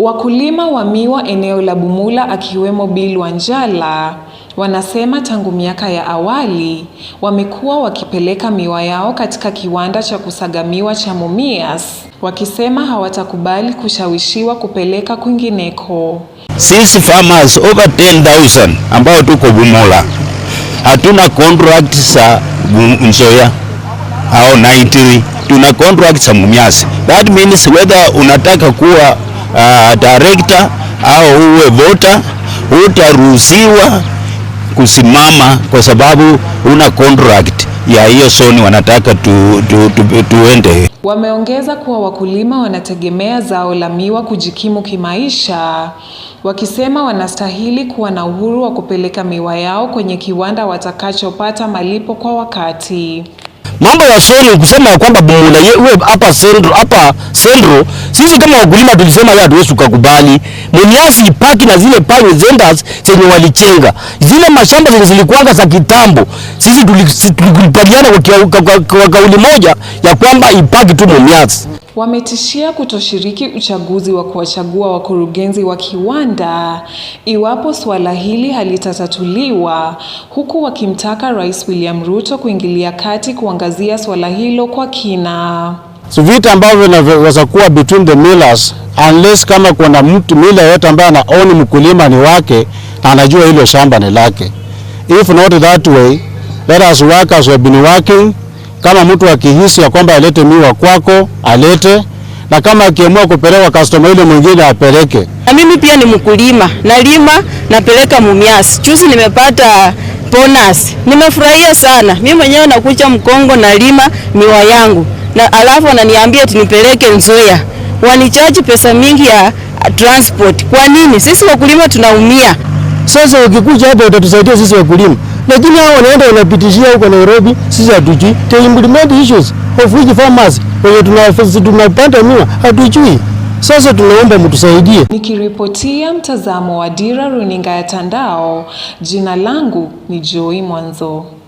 Wakulima wa miwa eneo la Bumula akiwemo Bill Wanjala wanasema tangu miaka ya awali wamekuwa wakipeleka miwa yao katika kiwanda cha kusaga miwa cha Mumias wakisema hawatakubali kushawishiwa kupeleka kwingineko. Sisi farmers over 10,000 ambao tuko Bumula hatuna contract za Nzoia au Naitiri, tuna contract za Mumias. That means whether unataka kuwa uh, director au uwe vota, utaruhusiwa kusimama kwa sababu una contract ya hiyo soni wanataka tu, tu, tu, tuende. Wameongeza kuwa wakulima wanategemea zao la miwa kujikimu kimaisha, wakisema wanastahili kuwa na uhuru wa kupeleka miwa yao kwenye kiwanda watakachopata malipo kwa wakati mambo ya sale kusema kwamba ye wewe hapa sendro hapa sendro, sisi kama wakulima tulisema ya hatuwezi kukubali mwenyasi ipaki na zile pale zendas zenye walichenga zile mashamba zenye zilikuanga za kitambo. Sisi tulipaliana kwa kauli moja ya kwamba ipaki tu mwenyasi wametishia kutoshiriki uchaguzi wa kuwachagua wakurugenzi wa kiwanda iwapo suala hili halitatatuliwa, huku wakimtaka Rais William Ruto kuingilia kati kuangazia suala hilo kwa kina. So vita ambavyo vinaweza kuwa between the millers unless kama kuna mtu mila yote ambaye anaoni mkulima ni wake na anajua hilo shamba ni lake. If not that way, let us work as we have been working kama mtu akihisi ya kwamba alete miwa kwako alete, na kama akiamua kupeleka kastoma yule mwingine apeleke. Na mimi pia ni mkulima, nalima napeleka Mumias. Juzi nimepata bonus, nimefurahia sana. Mimi mwenyewe nakuja Mkongo, nalima miwa yangu na alafu ananiambia tunipeleke Nzoia, wanichaji pesa mingi ya transport. Kwa nini? Sisi wakulima tunaumia. Sasa ukikuja hapo utatusaidia sisi wakulima lakini hao wanaenda wanapitishia huko Nairobi, sisi hatujui the implement issues of which farmers wenye tunapanda miwa hatujui. Sasa tunaomba mtusaidie. Nikiripotia mtazamo wa Dira runinga ya Tandao, jina langu ni Joy Mwanzo.